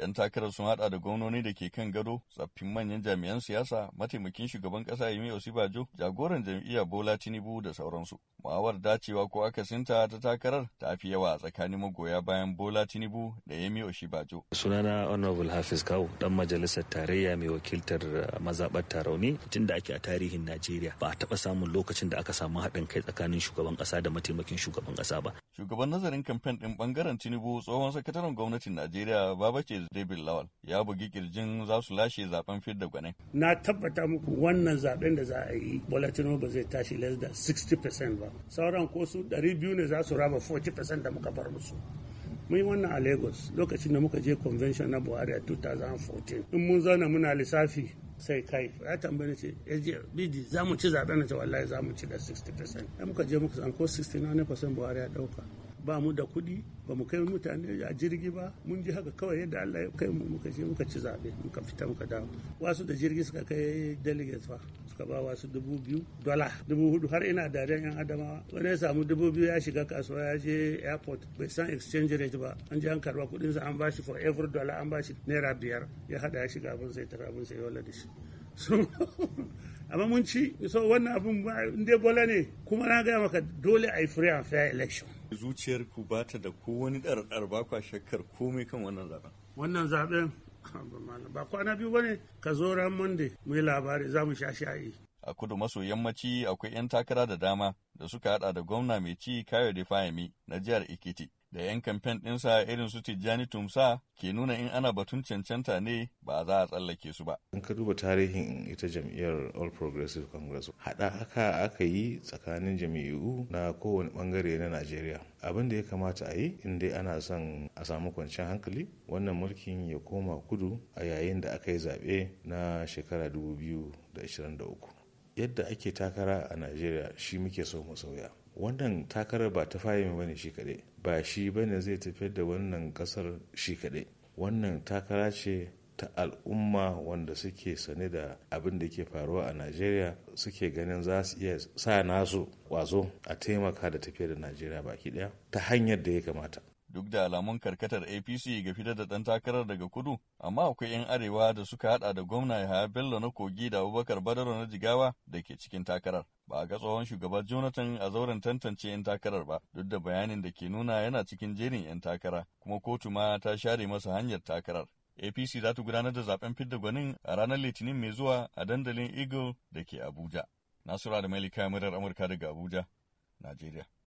'Yan takarar sun hada da gwamnoni da ke kan gado, tsaffin manyan jami'an siyasa, mataimakin shugaban kasa Yemi Osibajo, jagoran jam'iyya Bola Tinubu da sauransu. Mu'awar dacewa ko akasinta ta takarar ta fi yawa a tsakanin magoya bayan Bola Tinubu da Yemi Osibajo. Sunana Honorable Hafiz Kawu, dan majalisar tarayya mai wakiltar uh, mazaɓar Tarauni, tun da ake a tarihin Najeriya ba a taɓa samun lokacin da aka samu haɗin kai tsakanin shugaban kasa da mataimakin shugaban kasa ba. Shugaban nazarin kamfen din bangaren Tinubu tsohon sakataren gwamnatin Najeriya Babace David Lawal ya bugi kirjin za su lashe zaben fidda gwanai. Na tabbata muku wannan zaben da za a yi Bolatino ba zai tashi less than 60% ba. Sauran ko su 200 ne za su raba 40% da muka bar musu. mun wannan a lagos lokacin da muka je convention na buhari a 2014 in mun zauna muna lissafi sai kai ya tambaye ni ce bidi za mu ci zaben na ce wallahi za mu ci da 60% da muka je muka san ko 69% buhari ya ɗauka ba mu da kuɗi ba mu kai mutane a jirgi ba mun ji haka kawai yadda Allah ya kai mu muka je muka ci zaɓe muka fita muka dawo wasu da jirgi suka kai delegates fa suka ba wasu dubu biyu dola dubu hudu har ina dariyan yan adamawa wani ya samu dubu biyu ya shiga kasuwa ya je airport bai san exchange rate ba an je an karba sa an bashi for every dollar an bashi naira biyar ya hada ya shiga abin sai tara abin sai ya wala da shi amma mun ci so wannan abin inda bola ne kuma na gaya maka dole a yi free and fair election zuciyar ku ba ta da ko wani ɗarɗar ba kwa shakkar komai kan wannan zaben wannan zaben ba kwana biyu ne ka zo ran monday mu yi labari za mu sha shayi a kudu maso yammaci akwai 'yan takara da dama da suka hada da gwamna mai ci da fayami na jihar Ekiti. Da 'yan kamfen ɗinsa irin su Tijjani Tumsa ke nuna in ana batun cancanta ne ba za a tsallake su ba. In ka duba tarihin ita jam'iyyar All Progressive Congress haɗa haka aka yi tsakanin jam'iyyu na kowane ɓangare na Najeriya. Abin da ya kamata a yi in dai ana son a samu kwanciyar hankali wannan mulkin ya koma kudu a yayin da aka yi zaɓe na shekara 2023. yadda ake takara a najeriya shi muke so mu sauya wannan takara ba ta ba ne shi kaɗai ba shi ne zai tafiyar da wannan ƙasar shi kaɗai wannan takara ce ta al'umma wanda suke sane da abin da ke faruwa a najeriya suke ganin za su iya sa nasu kwazo a taimaka da tafiyar da najeriya baki ɗaya, ta hanyar da ya kamata duk da alamun karkatar apc ga fitar da ɗan takarar daga kudu amma akwai 'yan arewa da suka hada da gwamna yahaya bello na kogi da abubakar badaro na jigawa da ke cikin takarar ba a ga tsohon shugaban jonathan a zauren tantance 'yan takarar ba duk da bayanin da ke nuna yana cikin jerin 'yan takara kuma kotu ma ta share masa hanyar takarar apc za ta gudanar da zaben fidda gwanin a ranar litinin mai zuwa a dandalin eagle da ke abuja nasura da mai murar amurka daga abuja najeriya